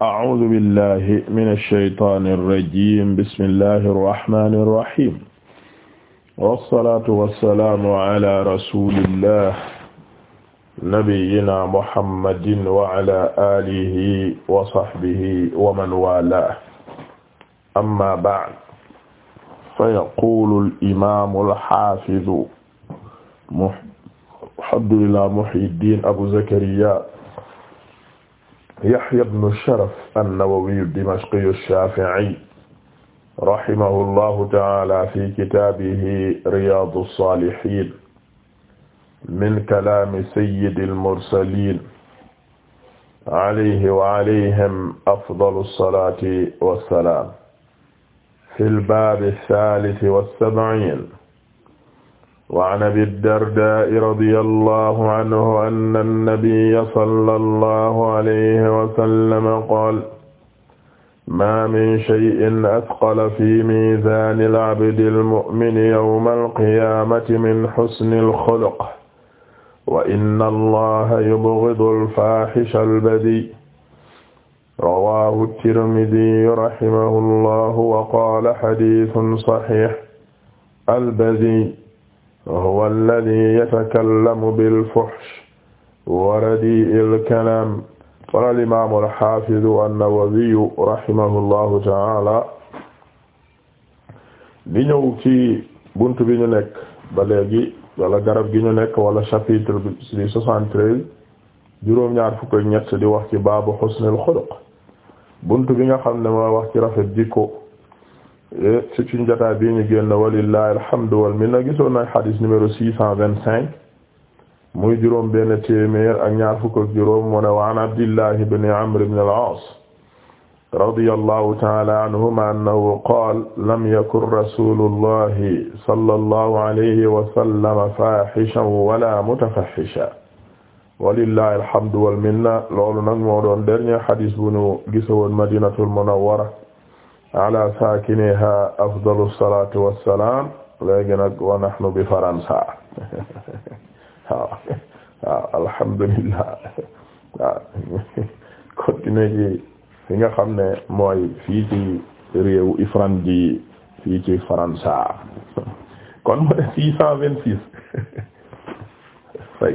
أعوذ بالله من الشيطان الرجيم بسم الله الرحمن الرحيم والصلاة والسلام على رسول الله نبينا محمد وعلى آله وصحبه ومن والاه أما بعد فيقول الإمام الحافظ عبد الله محي الدين أبو زكريا Yahya ibn Sharaf an-Nawawi ad-Dimashqi ash-Shafi'i rahimahullahu ta'ala fi kitaabihi Riyaadu as-Saalihiin min kalaami sayyidil mursaliin alayhi wa alayhim afdalu as-salaati was-salaam fil baabi ath-thaalith was-sab'iin وعن أبي الدرداء رضي الله عنه أن النبي صلى الله عليه وسلم قال ما من شيء أثقل في ميزان العبد المؤمن يوم القيامة من حسن الخلق وإن الله يبغض الفاحش البذيء رواه الترمذي رحمه الله وقال حديث صحيح البذيء wa huwa alladhi yatakallamu bil fuhsh wa radi'il kalam qala al imam al hafiz an-Nawawi rahimahullahu ta'ala di ñëw ci buntu bi ñu nekk ba léegi wala garab gi ñu nekk wala chapitre bi ci soixante-treize juróom-ñaar fukk ak ñett di wax ci baabu husnul xuluq buntu bi nga xam ne mooy wax ci rafet jikko Eh, ci suñu jotaay bi ñu génn walillahi alhamdu wal minna gisoon nañ xadis numéro six cent vingt-cinq muy juróom benn téeméer ak ñaar fukk ak juróom mu ne wa an abdillahi ibn amr ibn al-aas radiyallahu ta'ala anhuma annahu qaala lam yakun rasulullahi sallallahu alayhi wa sallam fahishan wala mutafahishan walillahi alhamdu wal minna loolu nag moo doon dernier xadis bu ñu gisoon madinatul munawwara ala saakiniha afdalu salatu wassalam léegi nag wa nahnu bi faransa waaw waaw alhamdulillah waaw continuer ci fi nga xam ne mooy fii ci réewu ifran ji fii ci faransa kon mu ne six cent vingt six fay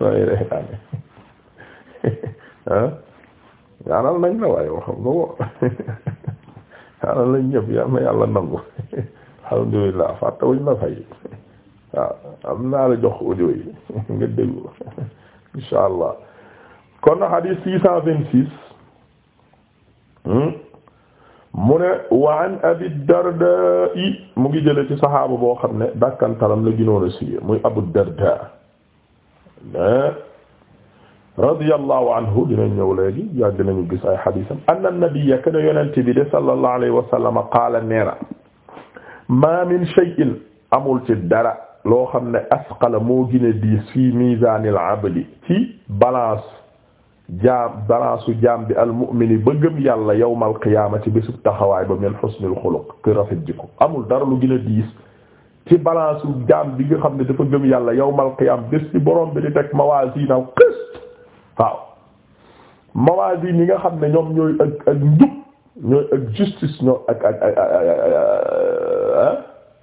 fay reetaane ah ñaanal nañ la waaye waxam nga ko xanaa lañ ñëpp yal na yàlla nangu alhamdulillah fàttewuñ la fay am naa la jox audio yi nga déglu insha allah kon hadith six cent vingt-six hmm? mu ne wa abi darda i mu ngi jële ci saxaaba boo xam ne dàkkantalam la gënoon a siiwee muy abu darda radiyallahu anhu dinañ ñëw léegi yàgg nañu gis ay xadiisam anna nabiyya kana yonent bi de sallallahu alayhi wa sallam qaala neena ma min shay'in amul ci dara loo xam ne asqala moo gën a diis fii miizaanil abdi ci balance jaam balance su jaam bi almu'mini ba gëm yàlla yawmal qiyaamati bésub taxawaay ba min xusnil xuluq ki rafet jikko amul dara lu gën a diis ci balance su jaam bi nga xam ne dafa gëm yàlla yawmal qiyaam bés ci borom bi di teg mawaazina qis waaw mawaazin yi nga xam ne ñoom ñooy ak ak njub ñooy ak justice ñoo ak ak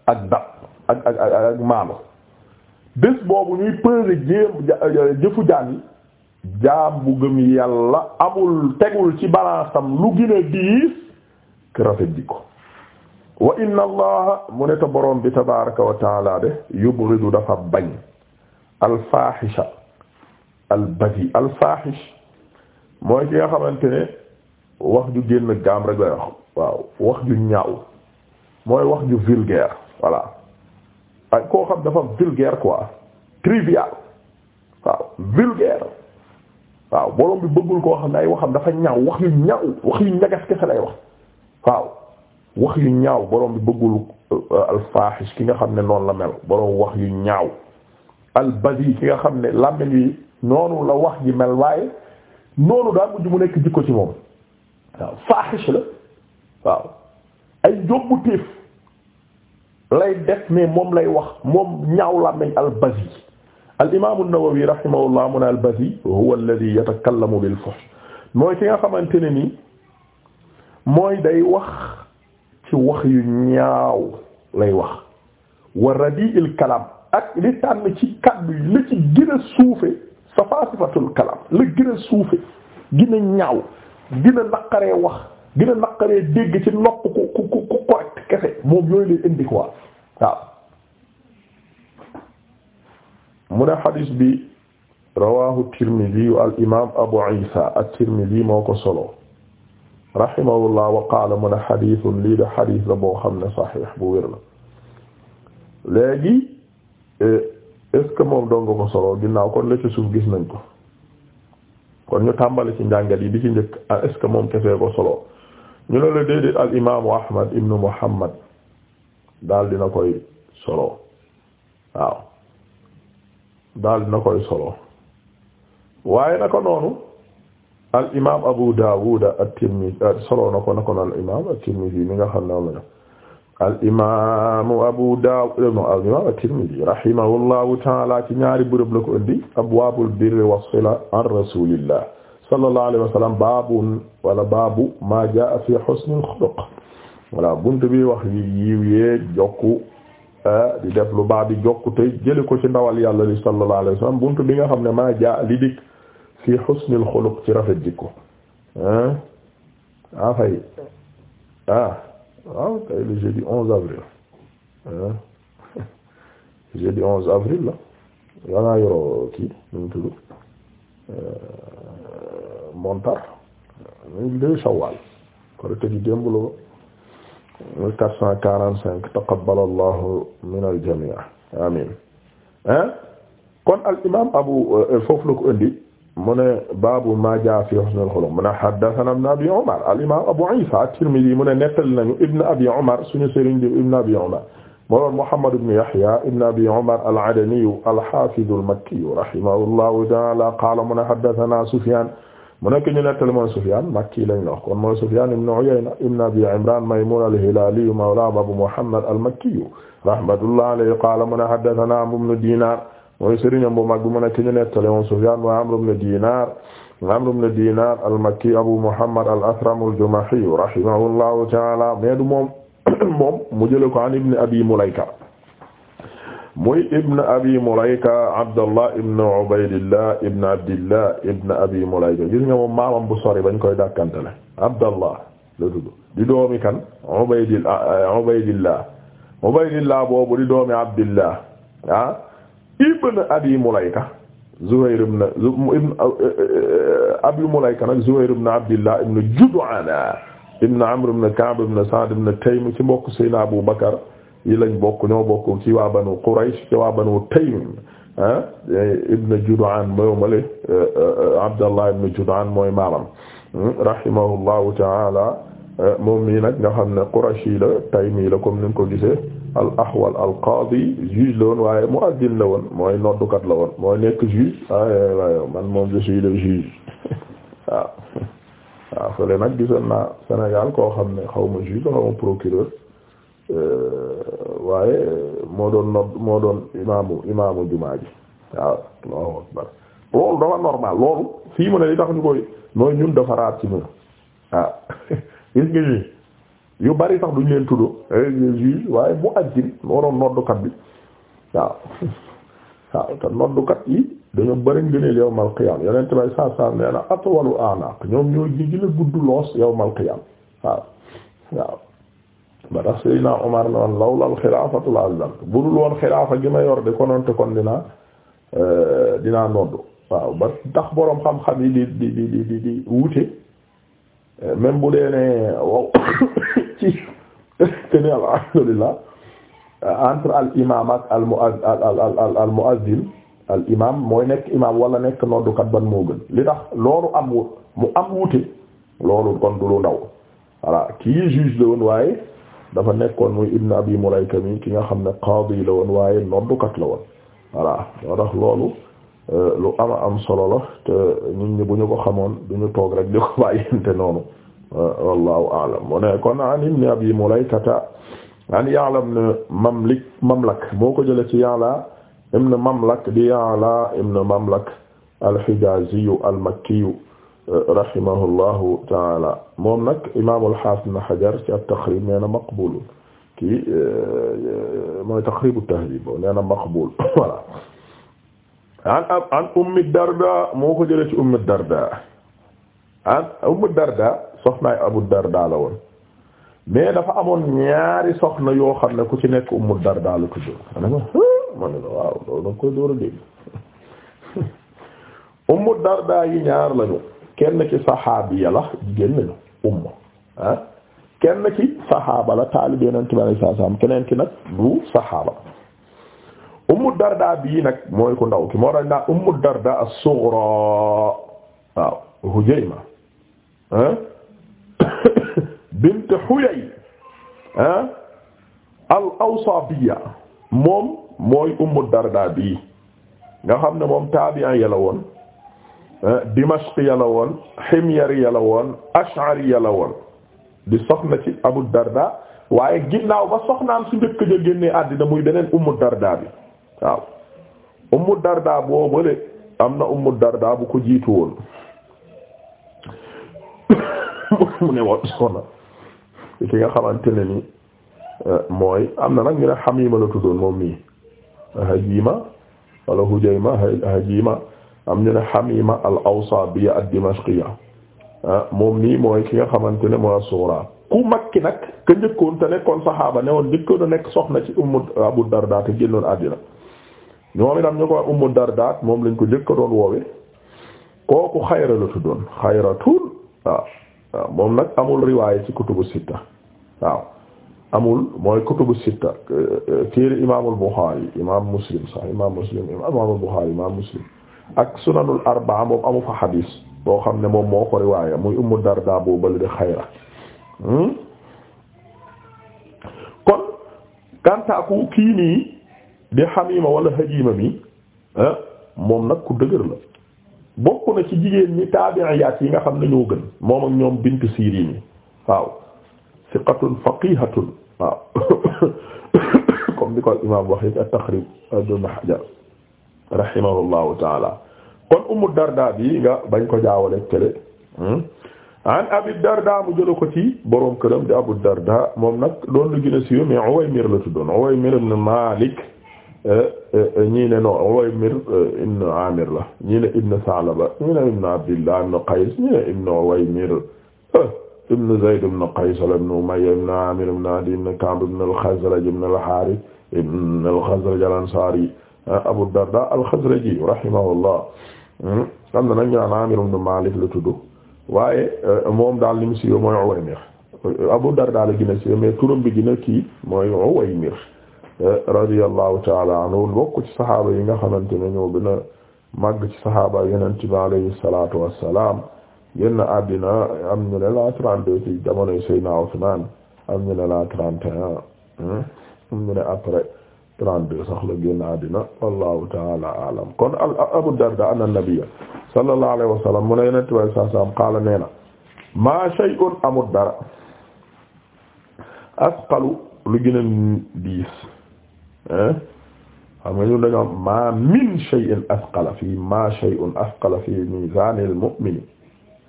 ah, dab ak ak ak bés boobu ñuy peser jéem jëfu jaam yi jaam bu gëm yàlla amul tegul ci balaasam lu gën a diis ki rafet jikko wa inna allaha mu net te boroom bi tabaraka wa taala de yubghidu dafa bañ alfahisha albadi alfahish mooy ki nga xamante ne wax ju génn gaam rek waaw wax ju ñaaw mooy wax ju vulgaire voilà ak koo xam dafa vulgaire quoi trivial waaw vulgaire waaw borom bi bëggul koo xam ne ay waxam dafa ñaaw wax yu ñaaw wax yu ñagas kese lay wax waaw wax yu ñaaw borom bi bëggul euh, alfahish ki nga xam ne noonu la mel borom wax yu ñaaw albadi ki nga xam ne làmmiñ yi noonu la wax ji mel waaye noonu daa mujj mu nekk jikko ci moom waaw faaxish la waaw ay jobbu téef lay def mais moom lay wax moom ñaaw la meñ al-bazi al-imam an-Nawawi rahimahullah mun al-bazi huwa alladhi yatakallamu bil mooy ki nga xamante ne nii mooy day wax ci wax yu ñaaw lay wax wa radi'il kalam ak li tànn ci kaddu yi ci gën suufe safaasifatul kalam la gën a suufe gën a ñaaw gën a naqaree wax gën a naqaree dégg ci nopp ku ku ku correct kese moom yooyu lay indi quoi waaw mu ne xadis bi rawahu tirmidi yu al imam abu isa at-tirmidi moo ko solo rahimahullah wa qaala mu ne xadisun lii de xadis la boo xam ne saxiix bu wér la léegi eh, est-ce moom dong ko solo ginnaaw kon la suuf gis nañ ko kon ñu tàmbali ci njàngal yi bi ci njëkk ah, est-ce moom kese ko solo ñu ne la déedéet al imaamu Ahmad ibnu Muhammad daal dina koy solo waaw daal dina koy solo waaye na ko noonu al imaam Abu Daawud at-Tirmidhi ah, solo na ko na ko al imaam at-Tirmidhi nga xam ne am na. al imaamu Abu Daawud al imaamu Tirmidi rahimahullahu taala ci ñaari bërëb la ko indi abwaabul birri was-sila an rasulillah sallallahu alayhi wa sallam wala baabu maa jaa fi husnil xuluq voilà buntu bi wax yiw yee jokku ah, di def lu baax di jokku te jëlee ko ci ndawal yàlla li sallallahu alayhi wa buntu bi nga xam ne ma jaa li dikk fi husnil xuluq ci rafet jikko ah ah fay ah. waaw ah, tey le jeudi onze avril jeudi onze avril la yanaa yoroo kii nu mu tudd euh, montar ñu deux Shawwal korite gi démb la mille quatre cent quarante cinq taqabbal allahu min al jamii amin hein kon al imam abu euh, foofu la ko mu ne baabu ma jaa fi husnul xuluq mu ne haddathana ibn abi umar al imam abu isa at-tirmidhi mu ne nettali nañu ibn abi umar suñu sëriñ di ibn abi umar moo doon muhammad ibn yahya ibn abi umar al-adani al-hafiz al-makki rahimahullahu ta'ala qaala mu ne haddathana sufyan mu nekk ñu nettali mooy sufyan makki lañ la wax kon mooy sufyan ibn uyayna ibn abi imran maymun al-hilali mawla abu muhammad al-makki rahmatullahi alayhi qaala mu ne haddathana ibn dinar mooy sëriñam bu mag bi mu nekk ñu nettali moom Sufyaan wa Amr ibn Dinar al-Makki Abu Muhammad al-Athram al-Jumahi rahimahullahu ta'ala mais du moom an ibn Abi Mulayka muy ibn Abi Mulayka Abdallah ibn Ubaydillah ibn Abdillah ibn Abi Mulayka gis nga moom maamam bu sori bañ koy dàkkantele Abdallah la tudd di doomi kan Ubaydillah Ubaydillah Ubaydillah ibn abi mulayka zuhayr ibn uh, uh, uh, abi mulayka nag zuhayr ibn abdillah ibn jud'ana ibn amr ibn ka'b ibn sa'd ibn taym ci mbokk seyna abu bakar yi lañ bokk ñoo bokk ci waa banu quraysh ci waa banu taym ah ibn jud'an moo male abdallah ibn jud'an mooy maamam hmm, rahimahullahu ta'ala Euh, moom mii nag nga xam ne qurashi la taymi la comme ni ko gisee al ahwal al qaadi juge la woon waaye muaddin la woon mooy noddukat la woon mooy nekk juge ah, eh, waaw waaw nag gisoon naa Sénégal koo xam ne xaw ma juge xaw ma procureur euh, waaye moo doon nodd moo doon imaamu imaamu jumaa ji waaw loolu dafa normal loolu fii mu ne li tax ñu koy mooy ñun dafa raat ci ñun waaw gis nga juge yu bari sax duñ leen tudd juge eh, waaye bu àjjin moo noddukat bi waaw waaw te noddukat yi dañoo bari ngëneel yawmal qiyaam yeneen tamit saa saa nee na atwalu a'naaq ñoom ñoo gën a gudd loos yawmal qiyaam waaw waaw. ba tax Seydina Omar ne woon lawlal xilaafatu la azlamtu bu dul woon xilaafa gi ma yor de konoon te kon dinaa eh, dinaa noddu waaw ba tax boroom xam-xam yi di di di di di wute. même bu dee ne wow ci te alhamdulillah entre al imam ak al mu al al al muazzin al imam mooy nekk imam wala nekk noddukat ban moo gën li tax loolu am wut mu am wute loolu kon du lu ndaw voilà kii juge la woon waaye dafa nekkoon muy ibn abi mulayka mi ki nga xam ne qaadi la woon waaye noddukat la woon voilà moo tax loolu Euh, lu ama am solo la te ñun ñi bu ñu ko xamoon duñu toog rek di ko bàyyente noonu euh, wallahu a'lam mu ne kon an ibn abi mulaykata an ya'la ibn mamlik mamlak boo ko jële ci ya'la ibn mamlak di ya'la ibn mamlak al-hijazi al-makki euh, rahimahullahu taala moom nag imaam al-hafiz ibn hajar ci at-taqrib nee na maqbul kii mooy taqrib at-tahdhib nee na an an ummi darda moo ko jëlee ci ummi darda an ummi darda soxnaay abu darda la woon mais dafa amoon ñaari soxna yoo xam ne ku ci nekk ummu darda la tudd ma ne ma ne la waaw loolu da nga koy door a dégg ummu darda yi ñaar lañu kenn ci saxaabiya la jigéen lañu ummu ah? kenn ci saxaaba la taalibe yonent bi sallallahu keneen ki nag du saxaaba. ummu darda bii nag mooy ku ndaw ki moo dañ daa ummu darda as-sughra waaw hujayma bint huyay al awsabiya moom mooy ummu darda bii nga xam ne moom taabi'an ya la woon dimashqi ya la woon himyari ya la woon ash'ari ya la woon di soxna ci abu darda waaye ginnaaw ba soxnaam su njëkk àddina muy beneen ummu darda bi waaw ummu darda boobale am na ummu darda bu ko jiitu woon mu ne woon soxna ki nga xamante ne ni euh, mooy am na nag ñu ne Xamiima la tuddoon moom mii Hajiima wala Hujayma Hajiima am ñu ne Xamiima al-Awsaabiya ad-Dimashqiya ah, moom nii mooy ki nga xamante ne mooy as-Sughraa ku mag ki nag ka njëkkoon te nekkoon saxaaba ne woon njëkkoon a nekk soxna ci Ummu Abu Dardaa te génnoon àddina moom itam ñu ko wax Ummu Dardaat moom lañ ko jëkk doon woowe kooku xayra la tuddoon xayratul waaw waaw moom nag amul riwaaya ci kutubu sitta waaw amul mooy kutubu sitta téere imaamul Buxaari imaam Muslim sax imaam Muslim imaamul Buxaari imaam Muslim ak sunanul arbaa moom amu fa xadiis boo xam ne moom moo ko riwaaya muy Ummu Dardaa boo bële de xayra hmm? kon kantaaku kii nii di xamima wala xajima mi ah, moom nag ku dëgër la bokk na ci jigéen ñi taabi'iyaat yi nga xam ne gën moom ak ñoom bintu Siiriin yi waaw siqatun faqihatun waaw comme ni ko imaam waxee ci at-Taqrib Ibn Hajar rahimahullahu taala kon Ummu Darda bi nga bañ ko jaawale tele hmm? an Abi Darda mu jëla ko ci borom këram di Abu Darda moom nag doon lu gën mais la tuddoon Uwaymir ñii ne no Uwaymir euh, ibn Amir la ñii ne ibn Sa'laba ñii ne ibn Abdillah ibn Qays ñii ne ibn Uwaymir euh, ibn Zayd ibn Qays ibn Umayya ibn Amir ibn Adi ibn Ka'b ibn al-Khazraj ibn al-Harith ibn al-Khazraj al-Ansari euh, Abu Darda al-Khazraji rahimahullah hmm, am na nag ñu naan Amir ibn Malik la tudd waaye moom daal li mu siiwee mooy Uwaymir Abu Darda la gën a siiwee mais turam bi gën a kii mooy Uwaymir radiyallahu taala anhu bokk ci saxaaba yi nga xamante ne ñoo gën a màgg ci saxaaba yonent bi alayhi salaatu wassalaam génn àddina am ñu ne la 32 ci jamonoy Seydina Usmaan am ñu ne la 31 hmm? am ñu ne après 32 sax la taala alam kon Abu Darda anna nabiyya sallallahu alayhi wa sallam qaala nee maa shay'un amut dara asqalu lu gën a diis xam nga ñun dañoo ma min shay'in asqala fii ma shay'un asqala fii miizanil mu'min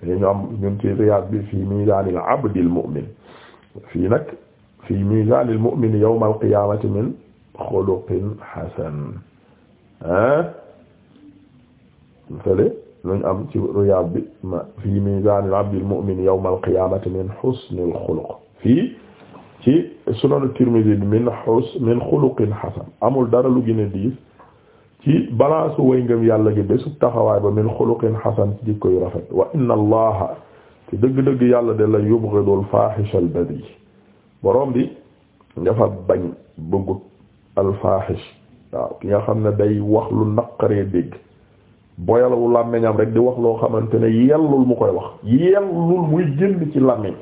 ñu am ñun ci Riyad bi fii miizanil abdil mu'min fii nag fii miizanil mu'min yawmal qiyaamati min xuluqin hasan ah fële luñ am ci Riyad bi ma fii miizanil abdil mu'min yawmal qiyaamati min husnil xuluq fii ci sunan Tirmidhi bi min xus min xuluqin xasan amul dara lu gën a diis ci balance way ngëm yàlla gi bésu taxawaay ba min xuluqin xasan ci jikko koy rafet wa inna allaha ci dëgg-dëgg yàlla de la yubghidul faahisha al badi borom bi dafa bañ bëggut al waaw ki nga xam ne day wax lu naqaree dégg boyalawu làmmiñam rek di wax loo xamante ne yellul mu koy wax yellul muy jënd ci làmmiñ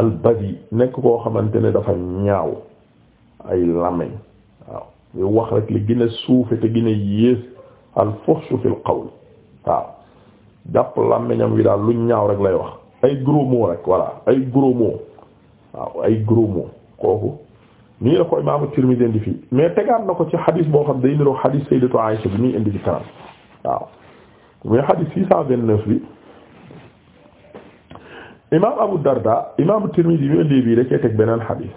albadi nekk koo xamante ne dafa ñaaw ay làmmiñ waaw li wax rek li gën a suufe te gën a yées alfoxsu fil qawl waaw jàpp làmmiñam wi daal lu ñaaw rek lay wax ay gros mots rek voilà ay gros mots waaw ay gros mots kooku nii la ko imaamu Tirmidhi indi mais tegaat na ko ci xadis boo xam day niroo xadis sayyidatu Aisha bi muy indi ci kanam waaw muy xadis 629 bi imaam Abu Darda imaam Tirmidhi bi indi bii da cee teg beneen xadis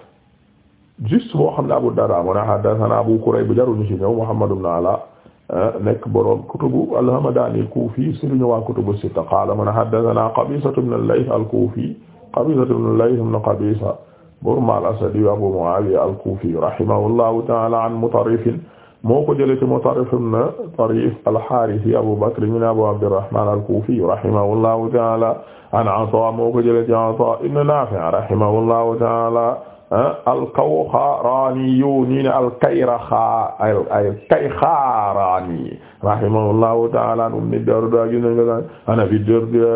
juste boo xam ne Abu Darda mu ne haddathana Abu Kurayb bu jaruñu ci ñëw Muhammad ibn Ala eh, nekk boroom kutubu al-Hamdani al-Kufi sëriñu waa kutubu sitta qaala mu ne haddathana Qabisa ibn al-Layth al-Kufi Qabisa ibn al-Layth ibn Qabisa Burma al-Asadi Abu Muawiya al-Kufi rahimahullahu ta'ala an Mutarrif moo ko jëlee ci Mutarrif ibn Tarif al-Harisi Abu Bakr ibn Abu Abdurrahman al-Kufi rahimahullahu ta'ala an Ata moo ko jëlee ci Ata ibn Nafi' rahimahullahu ta'ala Ah, alkawxaaraani yow nii ne alkayraxaa alkayxaaraani rahimahullahu ta'ala an Ummi Dardaa gis nañ ko daal an Abi Dardaa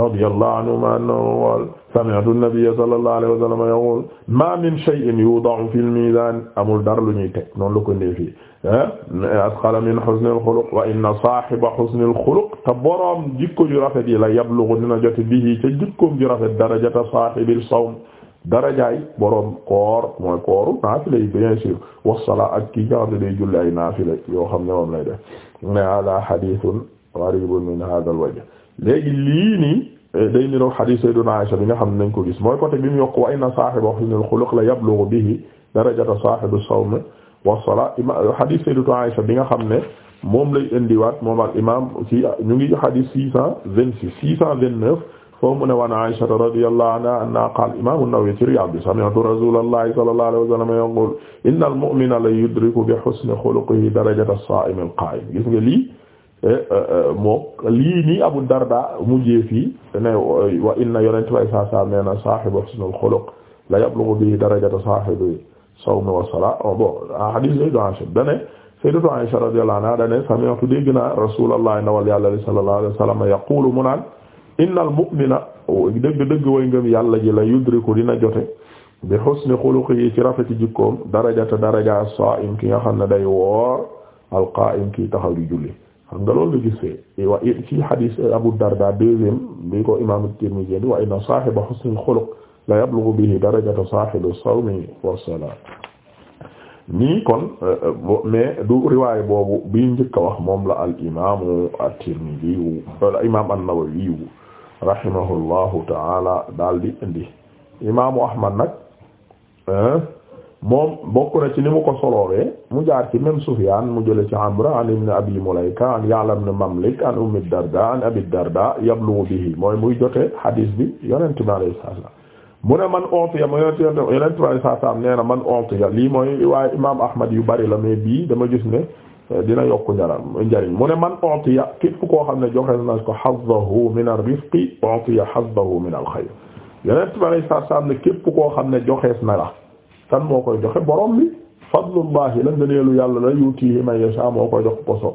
radiyallahu anhumaa annahu qaala sami'tu an-nabiyya sallallahu alayhi wa sallam yaqulu maa min shay'in yuuda'u fil miizaan amul dara lu ñuy teg noonu la ko neefee ah, asqala min husnil xuluq wa inna saahiba husnil xuluq te boroom jikko ju rafet yi la yablughu dina jot bihi ca jikkoom ju rafet darajata saahibil sawm darajaay borom koor mooy kooru naafila yi bien sûr wasala ak ki nga xam ne day julli ay naafila yoo xam ne moom lay def ne hada hadithun gharibun min hada al-wajh léegi lii nii eh, day niroo hadith sayyidina Aisha bi nga xam ne nañ ko gis mooy côté bi yokk wa inna sahiba husnil xuluq la yablughu bihi darajata sahibi as-sawm wasala hadith sayyidina bi nga xam ne moom lay indiwaat moom al imam ci ñu ngi hadith six cent vingt six six cent vingt neuf foofu mu ne waan Aisha radiyallahu anha anna qaal imaamu Nawawi ci Riyaad bi sami'tu rasuulallahi sallallahu alayhi wa sallam yaqul innal mu'mina la yudriku bi husni xuluqihi darajata as-saa'imi al-qaa'im gis nga lii eh, eh, eh, moom lii nii Abu Darda mujjee fii ne wa inna yonent way saa saa nee na saahibu husnil xuluq la yablughu bihi darajata saahibi sawmi wa salaat oh, bon ah, hadiis Sayyidatu Aisha dane Sayyidatu Aisha radiyallahu anha dane sami'tu dégg naa rasuulallahi sallallahu alayhi wa sallam yaqulu mu naan innal mu'mina dëgg dëgg way ngëm yàlla ji la yudriku dina jote bi husni xuluqihi ci rafeti jikkoom darajata daraja saa'im ki nga xam ne day woor al ki kii taxaw di julli xam nga loolu la gis wa ci hadis Abu Darda bi ko imam at-Tirmidhi bi wa inna saahiba husnil xuluq la yablughu bihi darajata saahibi sawmi wa salaat nii kon euh, euh, mais du riwaay boobu bi njëkk a wax moom la al imaamu at-Tirmidhi al euh, imaam rahimahullahu taala daal di indi imaamu ahmad nag moom bokk na ci ni mu ko soloowee mu jaar ci même Sufyaan mu jële ci Amra an ibn Abi Mulayka an Ya'la ibn Mamlik an Ummi Darda an Abi Darda yablu bihi mooy muy jote hadis bi yonent bi alayhi salaam mu ne man utiya mu yonent yonent bi alayhi salaam nee na man utiya lii mooy waaye imaam Ahmad yu bari la mais bii dama gis ne dina yokku njaram njariñ mu ne man utiya képp koo xam ne joxe na ko hazzahu min ar-rifqi utiya hazzahu min al-xayr yeneen tubaab saa saa am ne képp koo xam ne joxees na la kan moo koy joxe borom bi fadlullahi la ngëneelu yàlla la yutihi man yasha moo koy jox poso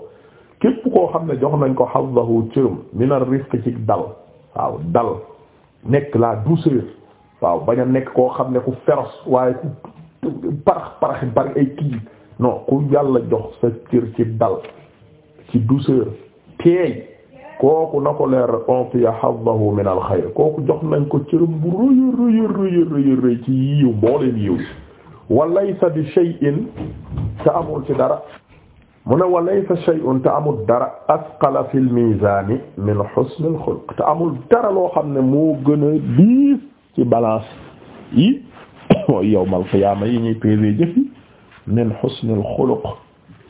képp koo xam ne jox nañ ko hazzahu cërëm min ar-rifqi ci dal waaw dal nekk la douceur waaw bañ a nekk koo xam ne ku féroce waaye ku parax parax bari ay kii. non ku yàlla jox sa ci dal ci douceur teey kooku na ko leer ontiya hazzahu min al xayr kooku jox nañ ko cëram bu rëya rëya rëya rëya rëy ci yiw mbooleen yiw bi shay'in te amul ci dara mu ne walaysa shay'un te dara asqala fil miizaan min husn al xulq amul dara loo xam ne moo gën a diis ci balance yi mooy yawmal qiyaama yi ñuy peser jëf min husnil xuluq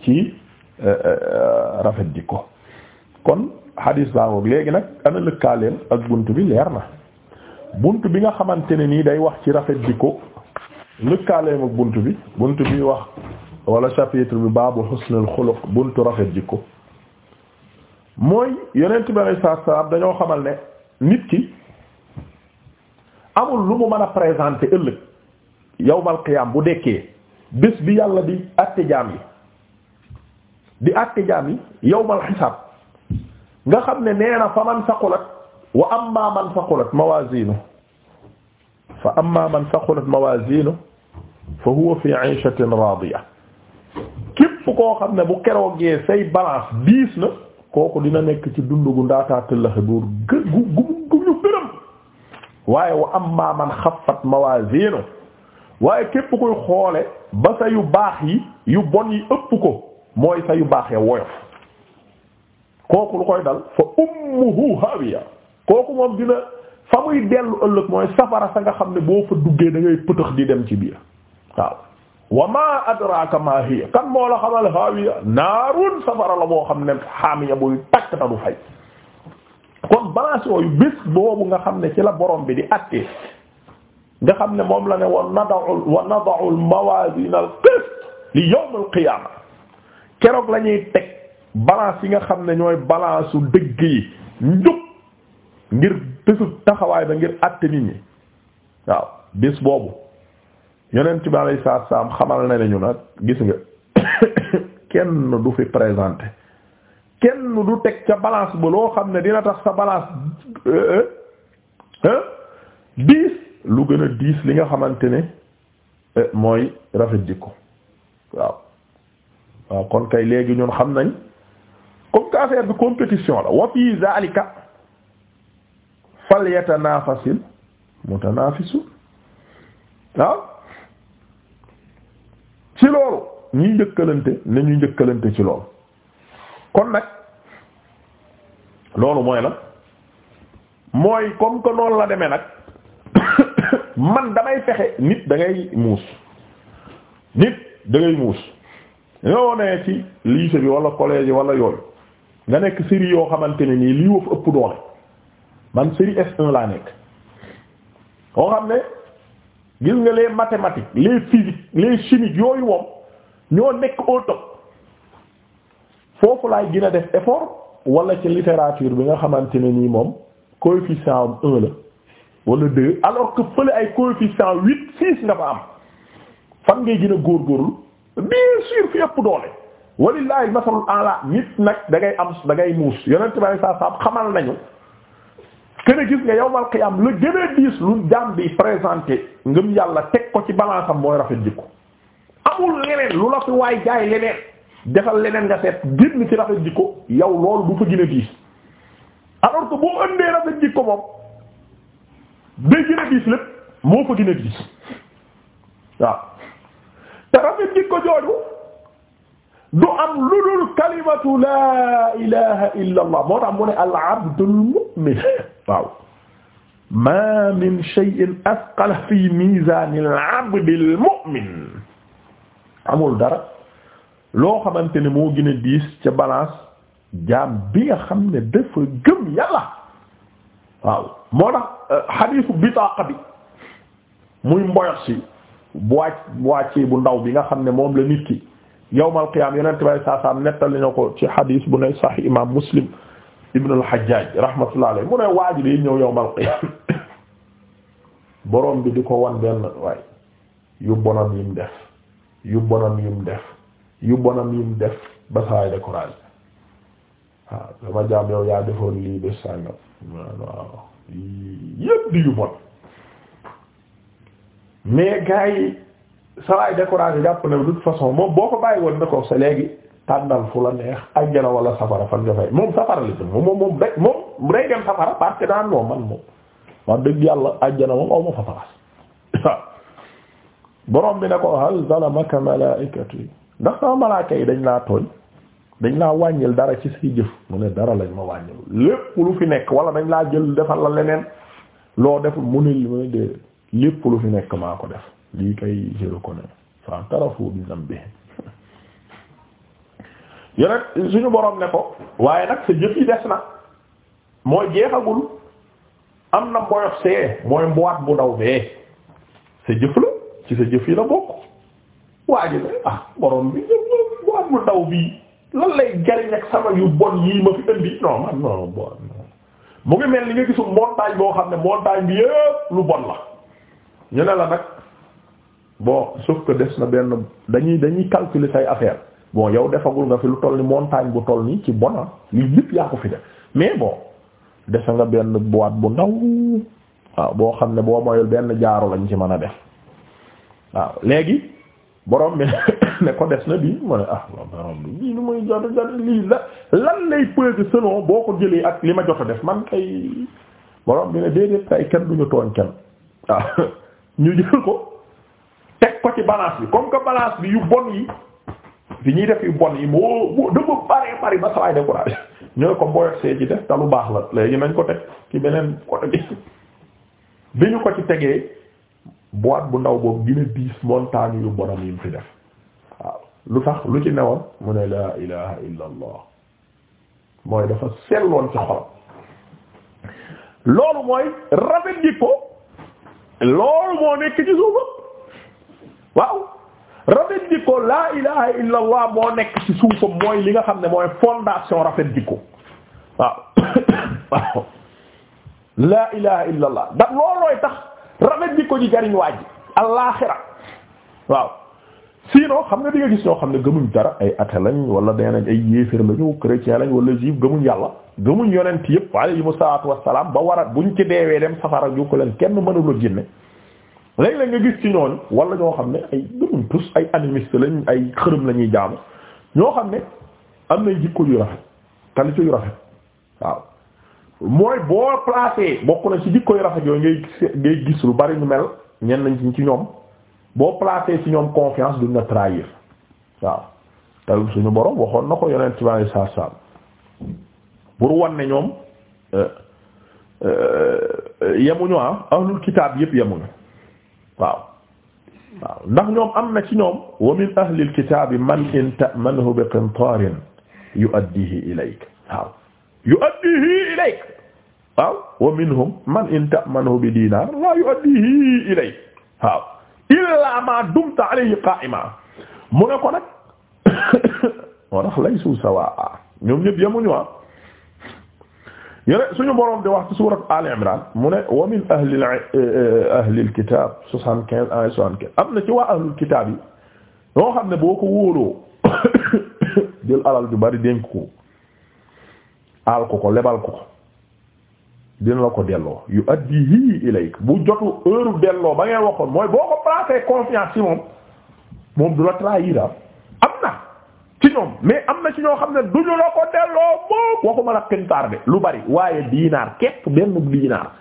ci euh, euh, rafet jikko kon hadis baa léegi nag ana lëkkaaleel ak bunt bi leer na bunt bi nga xamante ne nii day wax ci rafet jikko lëkkaaleem ak bunt bi bunt bi wax wala chapitre bi baabu husnil xuluq buntu rafet jikko mooy yonent bi alayhi salaatu salaam dañoo xamal ne nit ki amul lu mu mën a présenté ëllëg yawmal qiyaam bu dekkee bés bi yàlla di àtte jaam yi di àtte jaam yi yawmal xisaab nga xam ne nee na fa man saqulat wa amma man saqulat mawaazinu fa amma man saqulat mawaazinu fa huwa fi 'ishatin raadiya képp koo xam ne bu keroogee say balance diis na kooku dina nekk ci dundu gu ndaataatal la xëy gu gu gu ñu gërëm waaye wa amma man xaffat mawaazinu waaye képp koy xoole ba sa yu baax yi yu bon yi ëpp ko mooy sa yu baax ya woyof kooku lu koy dal fa ummuhu hawiya kooku moom dina fa muy dellu ëllëg mooy safara sa nga xam ne boo fa duggee da ngay pëtëx di dem ci biir waaw wa ma adraka ma hiya kan moo la xamal hawiya naarun safara la boo xam ne haamiya buy takk ta du fay kon balance yooyu bés boobu nga xam ne ci la borom bi di attee nga xam ne moom la ne wa nada'u wa nada'u al-mawazin al-qist li yawm al keroog la ñuy teg balance yi nga xam ne ñooy balance su dëgg yi njub ngir bésu taxawaay ba ngir àtte nit ñi waaw bés boobu yonent bi alayhi salaatu xamal na ne ñu nag gis nga kenn du fi présenté kenn du teg ca balance ba loo xam ne dina tax sa balance euh, euh, diis lu gën a diis li nga xamante ne eh, mooy rafet jikko waaw waaw kon kay léegi ñun xam nañ comme que affaire bi compétition la wa fi zalika falyatanafasil mutanafisun waaw ci loolu ñuy njëkkalante ne ñuy njëkkalante ci loolu kon nag loolu mooy la mooy comme que noonu la demee nag man damay fexe nit dangay muus nit da ngay muus yoo ne ci lycée bi wala collège wala yooyu nga nekk série yoo xamante ne nii li wëf ëpp doole man série S1 laa nekk koo xam ne gis nga les mathématiques les physiques les chimiques yooyu moom ñoo nekk au foofu laay gën a def effort wala ci littérature bi nga xamante ne nii moom coefficient am 1 la wala deux alors que fële ay coefficient huit six nga fa am fan ngay gën a góorgóorlu bien sûr fi ëpp doole walillahi masalul ala nit nag da ngay am da ngay muus yonent bari saa saam xamal nañu kene gis nga yowmal am la gën a diis lu jaam bi présenté ngëm yàlla teg ko ci balance am mooy rafet jikko amul leneen lu la fi waay jaay leneen defal leneen nga seet génn ci rafet jikko yow loolu bu fa gën a diis alors que boo ëndee rafet jikko moom day gën a gis ko gën a gis waaw te rafet du am lu dul kalimatu laa illa allah moo tax al abdul mu'min waaw min shay'in asqala fi mizanil abdil mu'min amul dara loo xamante ne moo gën a diis ca balance jaam bi nga xam ne dafa gëm yàlla waaw moo tax euh, xadiisu bitaaqa bi muy mboyot si boic boitier bu ndaw bi nga xam ne moom la nit ki yawmal qiyaam yonent bay saa saam nettali na ko ci xadiis bu ne sahih imaam muslim ibn al-Hajjaj rahmatullahi alayhi mu ne waaji ñëw yawmal qiyaam borom bi di ko wan benn waay yu bonam yim def yu bonam yim def yu bonam yim def ba saay waaw dama jaam yow yaa defoon lii bés sàngam waaw yépp di yu bon mais gars yi salaay découragé jàpp na de toute façon moom boo ko bàyyi woon ne ko sa léegi tàndal fu la neex ajjana wala safara fan nga fay moom safara li moom moom moom day moom day dem safara dëgg yàlla ajjana moom borom bi ne ko hal zalamaka malaikatu ndax sama malaaka yi dañ laa tooñ dañ laa wàññil dara ci say jëf mu ne dara lañ ma wàññil lépp lu fi nekk wala dañ laa jël defal la leneen loo deful mu ne li ma de lépp lu fi nekk maa ko def lii kay je reconnais fa tarafu bi zambi yonent suñu borom ne ko waaye nag sa jëf yi des na mooy jeexagul am na mboyof mooy mbowaat bu ndaw bee sa jëf la ci sa jëf yi la bokk waa ji ah borom bi mbowaat bu ndaw bii lan lay jariñ ak sama yu bon yii ma fi indi non man non bon mu ngi mel ni nga gisu montagne boo xam ne montagne bi yépp lu bon la ñu ne la nag bon sauf que des na benn dañuy dañuy calculer say affaire bon yow defagul nga fi lu toll ni montagne bu toll nii ci bona ah, li lépp yaa ko fi def mais bon dese nga benn boîte bu ndaw waaw boo xam ne boo moyul benn jaaro lañ ci mën a def waaw léegi borom bi ne ko des na bii ma ne ah borom bi lii lu may jot jot lii la lan lay peser selon boo ko jëlee ak li ma jot a def man kay borom bi ne déedéet kay kenn duñu tooñ kenn waaw ah, ñu jël ko teg ko ci balance bi comme que balance bi yu bon yi fi ñuy def yu bon yi moo moo dafa bari bari ba sawaay découragé ñu ne ko boyot see ci def te lu baax la léegi nañ ko teg ci beneen côté bi bi ñu ko ci tegee boîte bu ndaw boobu gën a diis montagne yu bonam yi mu fi def waaw lu tax lu ci newoon mu ne laa ilaha illa mooy dafa selloon ci xolam loolu mooy rafet jikko loolu moo nekk ci suufa waaw rafet jikko laa ilaha illa moo nekk ci suufa mooy li nga xam ne mooy fondation rafet jikko waaw waaw laa ilaha illa allah loolooy tax rafet jikko ji jariñ waaj alaaxira waaw sinon xam nga di nga gis ñoo xam ne gëmuñ dara ay athée lañ wala dee nañ ay yéeféer lañu chrétien lañ wala juif gëmuñ yàlla gëmuñ yonent yëpp alayhimu salaatu wassalaam ba war a buñ ci deewee dem safara jukko leen kenn mënula génne léeg-léeg nga gis ci ñooñu wala ñoo xam ne ay gëmuñ tous ay animiste lañ ay xërëm la ñuy jaamu ñoo xam ne am na jikko yu rafet qualité yu rafet waaw mooy boo placé bokk na ci jikkoy rafet yooyu ngay ngay gis lu bari ñu mel ñen nañ ci ñoom boo placé ci ñoom confiance duñ la trahir waaw te suñu borom waxoon na ko yonent bi alayhi salaatu salaam pour wan ne ñoom euh, euh, yemuñu ah ahlul kitaab yëpp yemuñu waaw ndax ñoom am na ci ñoom wa min ahlil kitaabi man in ta'manhu bi qintaarin yu'addihi ilayk waaw yu'addihi ilayk waaw wa minhum man in ta'manhu bi dinar la yu'addihi ilayk waaw illa ma dumta alayhi qa'ima mu ne ko nag moo tax laysu sawaa ñoom ñëpp yemuñu ah yore suñu boroom di wax ci suurat Al Imran mu ne wa min ahli eh, eh, ahlil kitaab soixante quinze à ah, soixante quinze am na ci waa ahlul kitaab yi ñoo xam ne boo ko wóoloo jël alal ju bari dénk ko aal ko ko lebal ko ko dina la ko delloo yu addihi ilayk bu jotu heure delloo ba ngeen waxoon mooy boo ko placé confiance ci moom moom du la trahir am na ci ñoom mais am na ci ñoo xam ne duñu la ko delloo moom waxuma la kentaar de lu bari waaye diinaar képp benn diinaar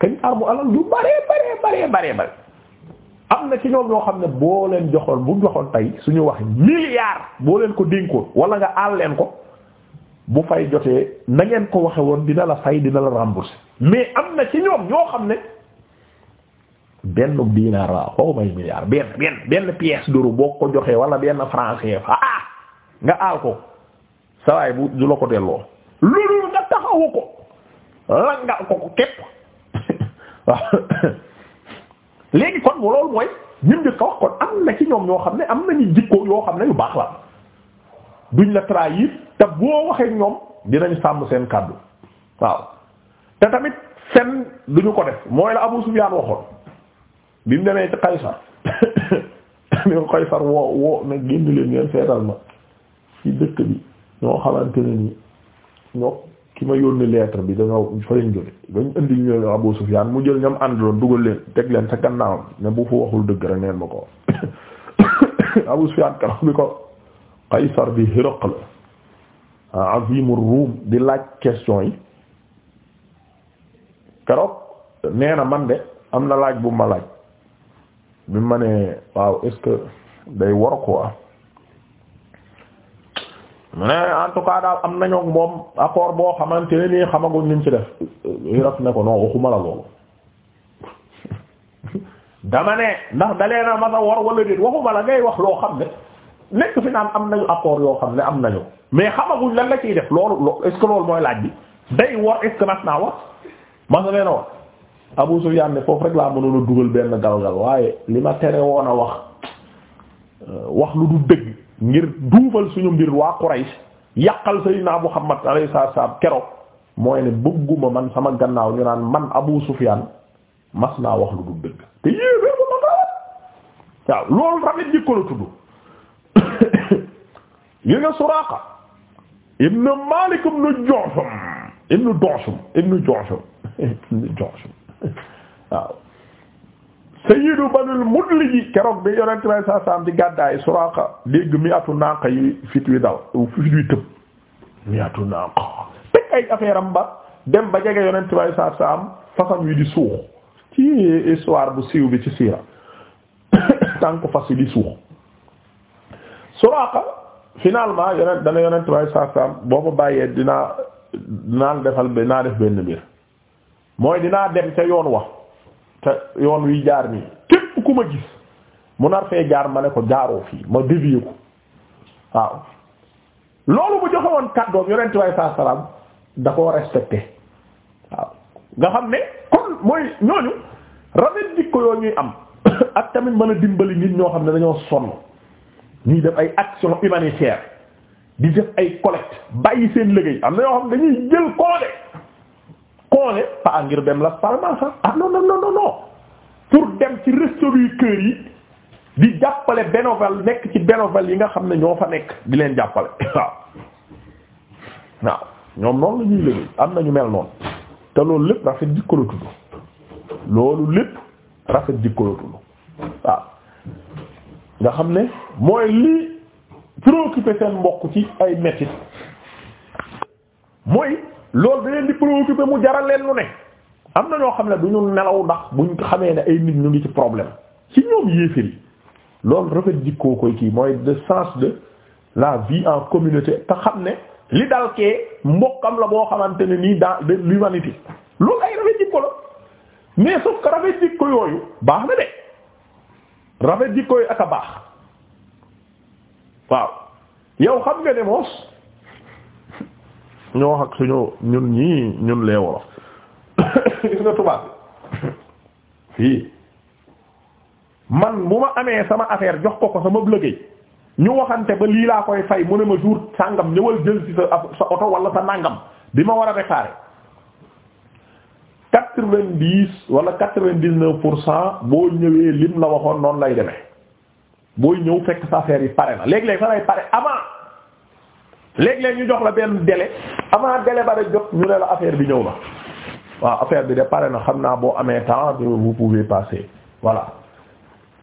kentaar bu alal du baree baree baree baree am na ci ñoom ñoo xam ne boo leen joxoon bu joxoon tey suñu wax milliard boo leen ko dénkoon wala nga àll leen ko bu fay jotee na ngeen ko waxe woon dina la fay dina la rembourser mais am na ci ñoom ñoo xam ne benn dinaar la xaw may milliard benn benn benn pièce d'euro boo ko joxee wala benn français fa ah nga aal ko sawaay bu du la ko delloo loolu nga taxawu ko langal ko ko képp léegi kon loolu mooy ñun di wax kon am na ci ñoom ñoo xam ne am nañu jikko yoo xam ne yu baax la duñ la trahir te boo waxee ñoom dinañ sàmm seen kàddu waaw te tamit fen duñu ko def mooy la Abu Sufyaan waxoon bi mu demee ci Qaysar bi mu Qaysar woo woo ne génn leen ngeen feetal ma ci dëkk bi ñoo xamante ni ñoo ki ma yónni lettre bi dañoo fa lañ jóge dañ indi ñu Abu Sufyaan mu jël ñoom àndaloon dugal leen teg leen sa gannaawam ne bu fa waxul dëgg rek neen ma ko Abu Sufyaan keroog bi ko Qaysar di Hiraql azimur Rum di laaj question yi keroog nee na man de am na laaj bu ma laaj bi ma ne waaw est day war quoi ah? mu ne en daal am nañoo moom accord boo xamante ne nii xamaguñ ni mu ci def Hiraql ne ko non waxuma la loolu dama ne ndax dalee na ma sa war wala déet waxuma la ngay wax loo xam ne. nekk fi naan am nañu accord yoo xam ne am nañu mais xamaguñ lan la ciy def loolu loolu est loolu mooy laaj bi day war est ce que mas naa war mas na leen a war Abu Sufyaan ne foofu rek waaye li ma tere woon a wax euh, wax lu du dëgg ngir duufal suñu mbir waa Quraysh yàqal Sayyidina Muhammad alayhi salaam keroog mooy ne bëgguma man sama gannaaw ñu naan man Abu Sufyaan mas naa wax lu du dëgg te yéen a ngi ko waaw loolu tamit jikko la tudd. gis nga Suraaqa ibn Maalik ibn Ju'shum ibn Ju'shum ibn Ju'shum ibn Ju'shum waaw sayyidu Banul Mudlij keroog bi Yonent bi saa saam di gàddaay Suraaqa dégg mi atu naaqa yi fit wi daw fit wi tëb mi atu teg ay affaire ba dem ba jege Yonent bi saa saam fasam wi di suux ci histoire bu siiw bi ci siira tànk fas yi di suux Suraaqa finalement yonent dana yonent way saasaam boo ma bàyyee dinaa dinaa defal dinaa def benn mbir mooy dinaa dem ca yoon wa te yoon wi jaar nii képp ku ma gis mu nar fee jaar ma ne ko jaaroo fii ma dévier ko waaw loolu mu joxe woon kàddoom yonent way saasaam da koo respecté waaw nga xam ne kon mooy ñooñu rafet jikko yooyu ñuy am ak tamit mën a dimbali nit ñoo xam ne dañoo sonn ñuy def ay action humanitaire di def ay collecte bàyyi seen liggéey am na yoo xam dañuy jël koole koole pas ngir dem la parma sax ah non non non non pour dem ci resto du cœur yi di jàppale bénévole nekk ci bénévole yi nga xam ne ñoo fa nekk di leen jàppale waaw ñoom noonu la ñuy am na ñu mel noonu te loolu lépp rafet jikko la tudd loolu lépp rafet jikko la waaw nga xam ne mooy li préoccupé seen mbokk ci ay métit mooy loolu da leen di préoccupé mu jaral leen lu ne am na ñoo xam ne du ñu nelaw ndax buñ xamee ne ay nit ñu ngi ci problème ci ñoom yéeféri loolu rafet jikkoo koy kii mooy de sens de la vie en communauté te xam ne li dal kee mbokkam la boo xamante ne nii dans l'humanité loolu ay rafet jikko la mais sauf que rafet jikko yooyu baax na de rafet di koy ak a baax waaw yow xam nga ne moos ñoo wax ak suñu ñun ñii ñun lee wolof gis nga tubaab fii man bu ma amee sama affaire jox ko ko sama liggéey ñu waxante ba lii laa koy fay mu ne ma jour sàngam ñëwal jël ci sa sa oto wala sa nàngam bi ma war a réparer quatre-vingt-dix wala quatre-vingt-dix-neuf pour cent boo ñëwee lim la waxoon noonu lay deme booy ñëw fekk sa affaire yi pare na léegi léeg sa lay pare avant léeg-léeg ñu jox la benn délai avant délai ba rek jot ñu ne la affaire bi ñëw na waaw affaire bi de pare na xam naa boo amee temps vous pouvez passer voilà